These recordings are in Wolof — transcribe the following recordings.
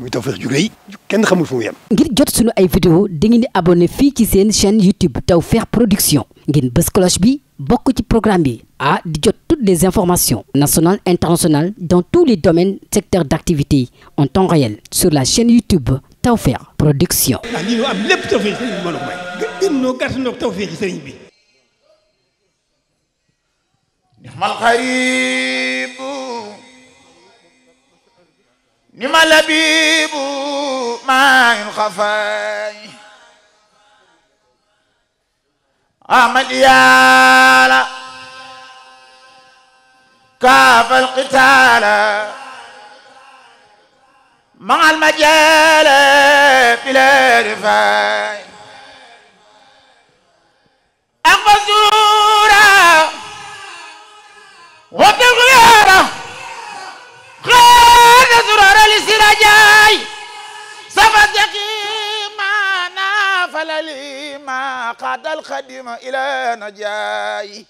muy Tawfekh ju rëy kenn xamul fu mu yem. ngir jot sunu ay vidéo dangeen di abonné fii ci seen chaîne YouTube Tawfekh Production ngeen bës cloche bi bokk ci programme bi ah di jot toutes les informations nationales internationales dans tous les domaines secteurs d'activité en temps réel sur la chaîne YouTube Tawfekh Production. ah lii am lépp tawfeex sëriñ bi mbooloo mooy gën ñoo gàtt ñoo ak tawfeex sëriñ bi. نما لبيب ما خفاي أعمل يالا كاف القتال مع المجال بلا رفاي أقصورا وبالغياب قاد القديم إلى نجاي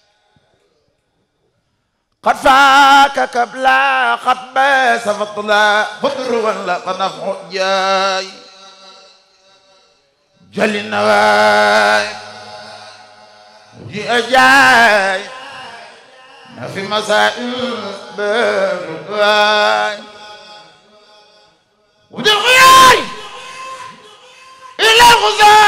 قد فاك كبلا قد باس فطلا فطر ولا فنفع جاي جل النواي جي أجاي في مسائل بردواي ودي الغياي إلى الغزاي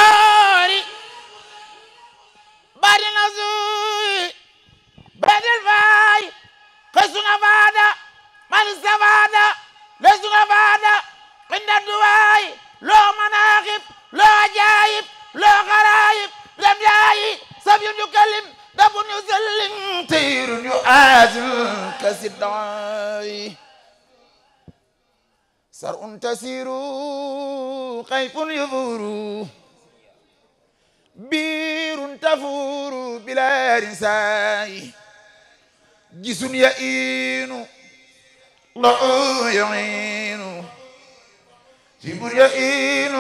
فؤاد كسداي سرء تسير قيف يثور بير تفور بلا رساي جس يئين ضوء يعين جيم يئين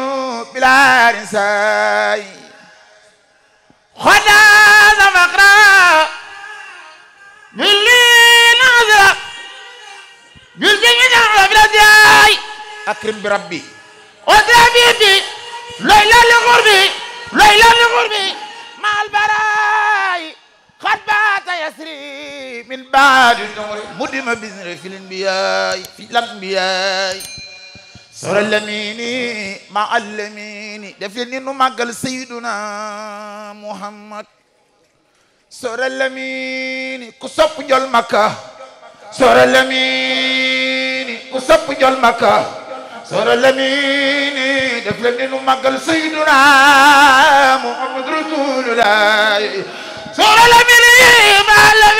بلا رساي خدام akrim bi rabbi oda bi di looy la li xurbi looy la li xurbi maal baraay xat baata yasri min baadi nuri mudima bisri fil anbiyaay fil anbiyaay sora lamini ma allamini def leen ni nu màggal sayyiduna muhammad sora lamini ku sopp njol makka sora lamini ku sopp njol makka soro lamini def leen ni nu màggal sayyiduna Muhammad rasulullah soro lamini ma la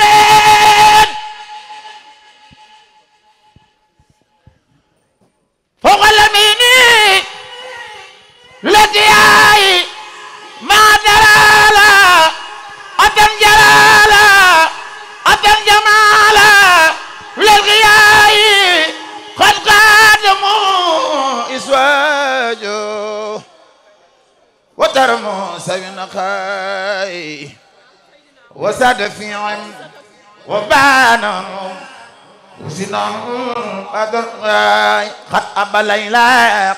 كرم سبن خاي وسد في عم وبان وزنا قدر قد أبى ليلى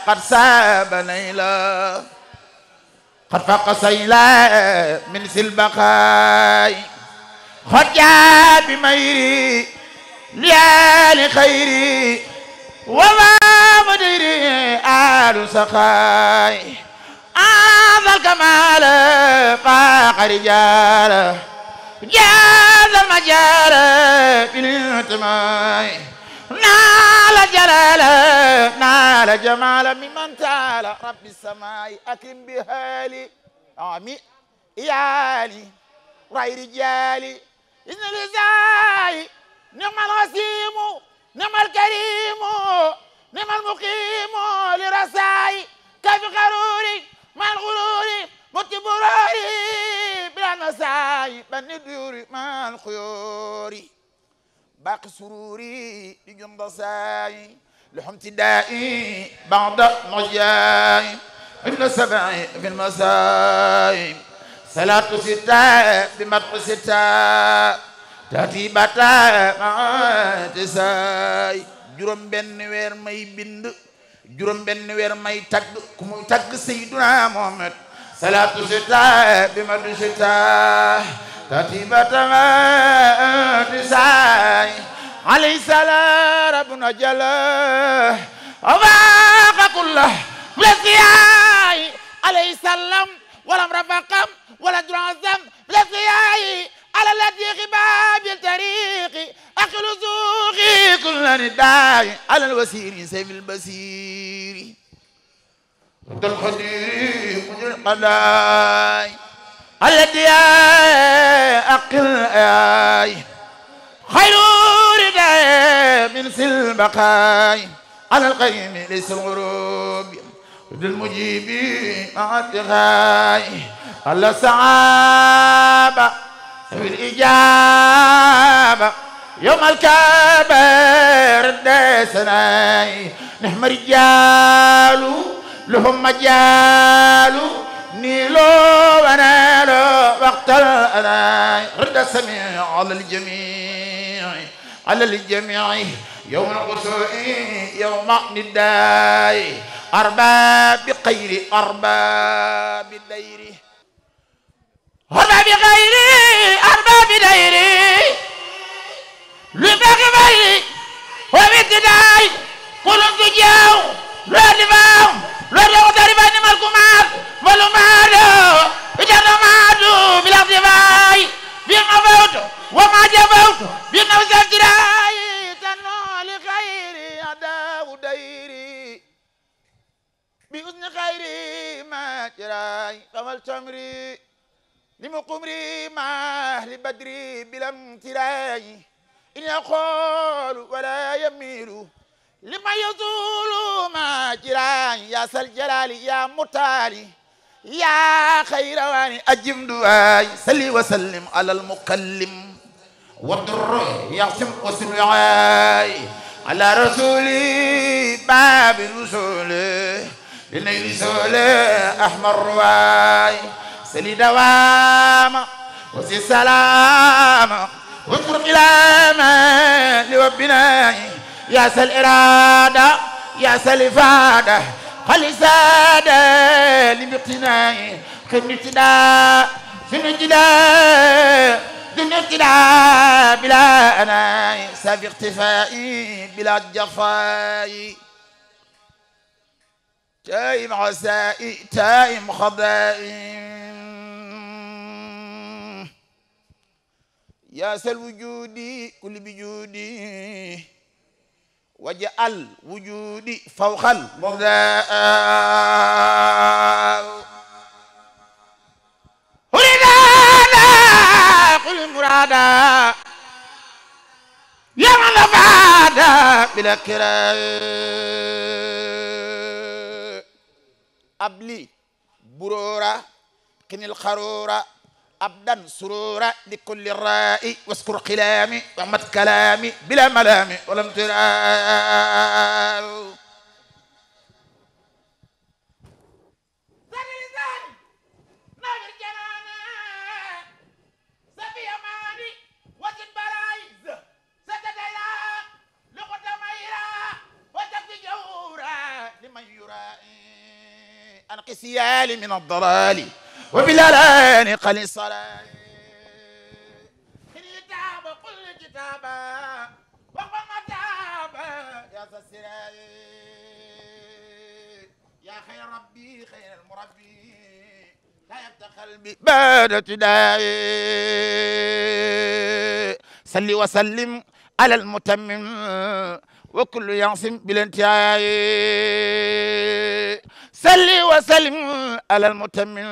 قد ساب ليلى قد فقس إلى من سلبقاي قد جاء بميري ليالي خيري وما مدري آل سخاي هذا الكمال فاق رجاله جاز المجال بالانتماء نال جلاله نال جمال ممن تعالى رب السماء أكرم بهالي آمين إيالي رأي رجالي إن الإزاي نعم الوسيم نعم الكريم نعم المقيم لرسائي كيف قروري mal xururi mutti burori bila na sayi banni duyuri mal xuyori baqi sururi di junda sayi لحم ابتدائي بعد مجاي ابن سبعي في المساي صلاة ستة بمدح ستة ترتيبة weer may bind juróom benn weer may tagg ku muy tagg sayyiduna Muhammad bi ma du sita tatibatama di say alay sala rabbuna jalla afaqa kulla blasiyay alay salam walam rafaqam wala durazam blasiyay على التي خباب الطريق أخل سوقي كل نداء على الوسير سيف البصير ذو الخدير مجر القضاء التي أقل خير رداء من سل بقاي على القيم ليس الغروب ذو المجيب مع التغاي على الصعابة والإجابة يوم الكبر دسنا نحم رجال لهم مجال نيلو ونالو وقت الأذى رد السميع على الجميع على الجميع يوم القسوء يوم نداي أرباب بخير أرباب الدير هذا بغيري أرباب ديري لبغبي وبدناي قلت جاو لا دفاع لا دفاع تريباني مالكمات مالو إجانا مادو بلا دفاعي بما فوت وما جفوت بما سجراي تنو لخيري أداء ديري بأذن خيري ما جراي فما التمري li mu qumri li badri bilam tiraayi in yaqoolu wala yamiilu li ma ma jiraayi ya sal ya mutaali ya xayrawaani ajim duwaayi salli wa sallim ala almukallim wa durru yaxsim usriaayi ala rasuli baabi rusuli li nay risole ahmar ruwaayi لدوام وزي السلام واذكر إلى ما لربنا يا سل إرادة يا سل إفادة خلي سادة لبقتنا خير ابتداء سن ابتداء دون ابتداء بلا أنا سابق اختفائي بلا جفائي تائم عسائي تائم خضائي yaa sal wujudi kulli bi judi wajal wujudi fawxal muxdaa huridana kul murada yaman abada bila kira abli burora kinil xarora abdan surura li kulli ra'i waskur xilaami wa mat kalaami bila malaami walam tira anqis yaali min ad-dalaali وبلالان قل الصلاة الكتاب قل الكتاب وقل متاب يا سسراي يا خير ربي خير المربي لا يبتخل بعد تداي صلي وسلم على المتمم وكل يعصم بالانتهاء salli wa sallim ala almutamin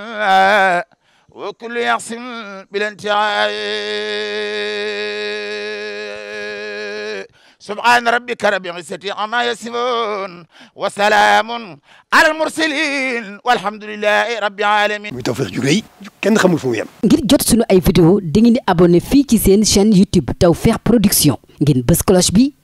wa kullu yaxsin bil intihaay subhaana rabbika rabbil izzati amma yasifuun wa ala almursaliin walhamdulillaahi rabbil aalamiin. muy Tawfekh jugee yi kenn xamul fu ngir jot sunu ay vidéo dangeen di abonné fii ci seen chaîne YouTube Tawfekh Production ngeen bës cloche bi.